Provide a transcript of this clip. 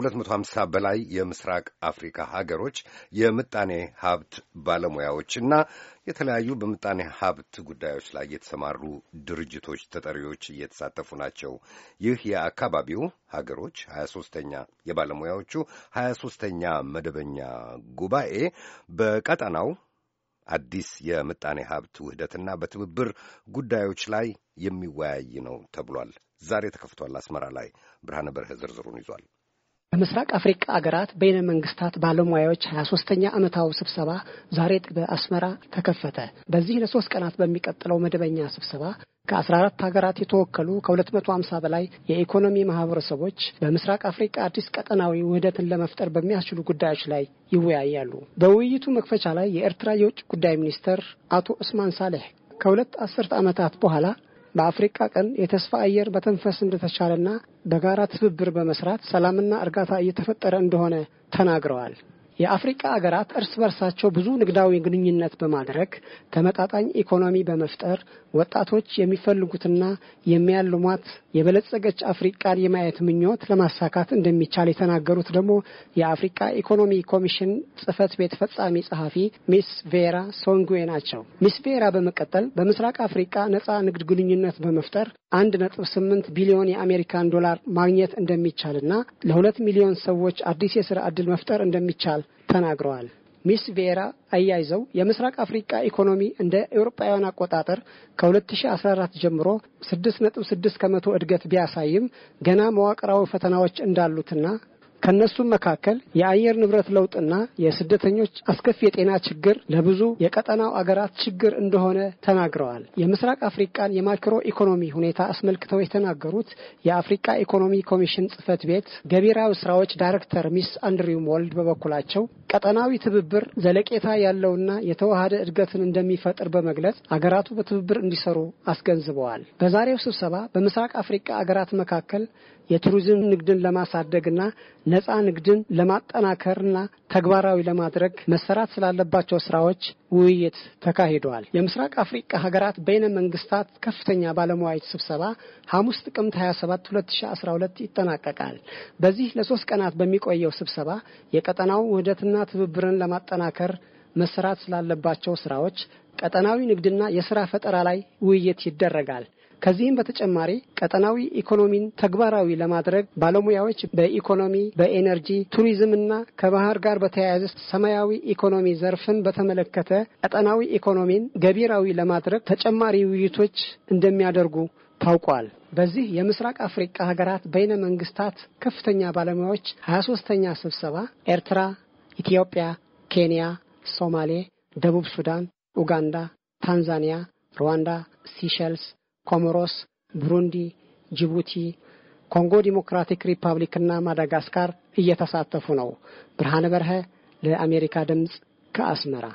250 በላይ የምስራቅ አፍሪካ ሀገሮች የምጣኔ ሀብት ባለሙያዎችና የተለያዩ በምጣኔ ሀብት ጉዳዮች ላይ የተሰማሩ ድርጅቶች ተጠሪዎች እየተሳተፉ ናቸው። ይህ የአካባቢው ሀገሮች 23ተኛ የባለሙያዎቹ 23ተኛ መደበኛ ጉባኤ በቀጠናው አዲስ የምጣኔ ሀብት ውህደትና በትብብር ጉዳዮች ላይ የሚወያይ ነው ተብሏል። ዛሬ ተከፍቷል። አስመራ ላይ ብርሃነ በርሀ ዝርዝሩን ይዟል። በምስራቅ አፍሪካ አገራት በይነ መንግስታት ባለሙያዎች 23ኛ ዓመታዊ ስብሰባ ዛሬ በአስመራ ተከፈተ። በዚህ ለሶስት ቀናት በሚቀጥለው መደበኛ ስብሰባ ከ14 ሀገራት የተወከሉ ከ250 በላይ የኢኮኖሚ ማህበረሰቦች በምስራቅ አፍሪካ አዲስ ቀጠናዊ ውህደትን ለመፍጠር በሚያስችሉ ጉዳዮች ላይ ይወያያሉ። በውይይቱ መክፈቻ ላይ የኤርትራ የውጭ ጉዳይ ሚኒስትር አቶ እስማን ሳሌሕ ከሁለት አስርት ዓመታት በኋላ በአፍሪቃ ቀን የተስፋ አየር በተንፈስ እንደተቻለና በጋራ ትብብር በመስራት ሰላምና እርጋታ እየተፈጠረ እንደሆነ ተናግረዋል። የአፍሪካ አገራት እርስ በርሳቸው ብዙ ንግዳዊ ግንኙነት በማድረግ ተመጣጣኝ ኢኮኖሚ በመፍጠር ወጣቶች የሚፈልጉትና የሚያልሟት የበለጸገች አፍሪቃን የማየት ምኞት ለማሳካት እንደሚቻል የተናገሩት ደግሞ የአፍሪካ ኢኮኖሚ ኮሚሽን ጽህፈት ቤት ፈጻሚ ጸሐፊ ሚስ ቬራ ሶንጉዌ ናቸው። ሚስ ቬራ በመቀጠል በምስራቅ አፍሪካ ነጻ ንግድ ግንኙነት በመፍጠር አንድ ነጥብ ስምንት ቢሊዮን የአሜሪካን ዶላር ማግኘት እንደሚቻልና ለሁለት ሚሊዮን ሰዎች አዲስ የስራ ዕድል መፍጠር እንደሚቻል ተናግረዋል። ሚስ ቬራ አያይዘው የምስራቅ አፍሪካ ኢኮኖሚ እንደ ኤውሮጳውያን አቆጣጠር ከ2014 ጀምሮ 6.6 ከመቶ እድገት ቢያሳይም ገና መዋቅራዊ ፈተናዎች እንዳሉትና ከእነሱም መካከል የአየር ንብረት ለውጥና የስደተኞች አስከፊ የጤና ችግር ለብዙ የቀጠናው አገራት ችግር እንደሆነ ተናግረዋል። የምስራቅ አፍሪቃን የማክሮ ኢኮኖሚ ሁኔታ አስመልክተው የተናገሩት የአፍሪቃ ኢኮኖሚ ኮሚሽን ጽህፈት ቤት ገቢራዊ ስራዎች ዳይሬክተር ሚስ አንድሪው ሞልድ በበኩላቸው ቀጠናዊ ትብብር ዘለቄታ ያለውና የተዋሃደ እድገትን እንደሚፈጥር በመግለጽ አገራቱ በትብብር እንዲሰሩ አስገንዝበዋል። በዛሬው ስብሰባ በምስራቅ አፍሪቃ አገራት መካከል የቱሪዝም ንግድን ለማሳደግና ነጻ ንግድን ለማጠናከርና ተግባራዊ ለማድረግ መሰራት ስላለባቸው ስራዎች ውይይት ተካሂደዋል። የምስራቅ አፍሪቃ ሀገራት በይነ መንግስታት ከፍተኛ ባለሙያዎች ስብሰባ ሐሙስ ጥቅምት 27 2012 ይጠናቀቃል። በዚህ ለሶስት ቀናት በሚቆየው ስብሰባ የቀጠናው ውህደትና ትብብርን ለማጠናከር መሰራት ስላለባቸው ስራዎች፣ ቀጠናዊ ንግድና የስራ ፈጠራ ላይ ውይይት ይደረጋል። ከዚህም በተጨማሪ ቀጠናዊ ኢኮኖሚን ተግባራዊ ለማድረግ ባለሙያዎች በኢኮኖሚ፣ በኤነርጂ፣ ቱሪዝምና ከባህር ጋር በተያያዘ ሰማያዊ ኢኮኖሚ ዘርፍን በተመለከተ ቀጠናዊ ኢኮኖሚን ገቢራዊ ለማድረግ ተጨማሪ ውይይቶች እንደሚያደርጉ ታውቋል። በዚህ የምስራቅ አፍሪቃ ሀገራት በይነ መንግስታት ከፍተኛ ባለሙያዎች ሀያ ሶስተኛ ስብሰባ ኤርትራ፣ ኢትዮጵያ፣ ኬንያ፣ ሶማሌ፣ ደቡብ ሱዳን፣ ኡጋንዳ፣ ታንዛኒያ፣ ሩዋንዳ፣ ሲሸልስ ኮሞሮስ፣ ቡሩንዲ፣ ጅቡቲ፣ ኮንጎ ዲሞክራቲክ ሪፐብሊክና ማዳጋስካር እየተሳተፉ ነው። ብርሃነ በርሀ ለአሜሪካ ድምፅ ከአስመራ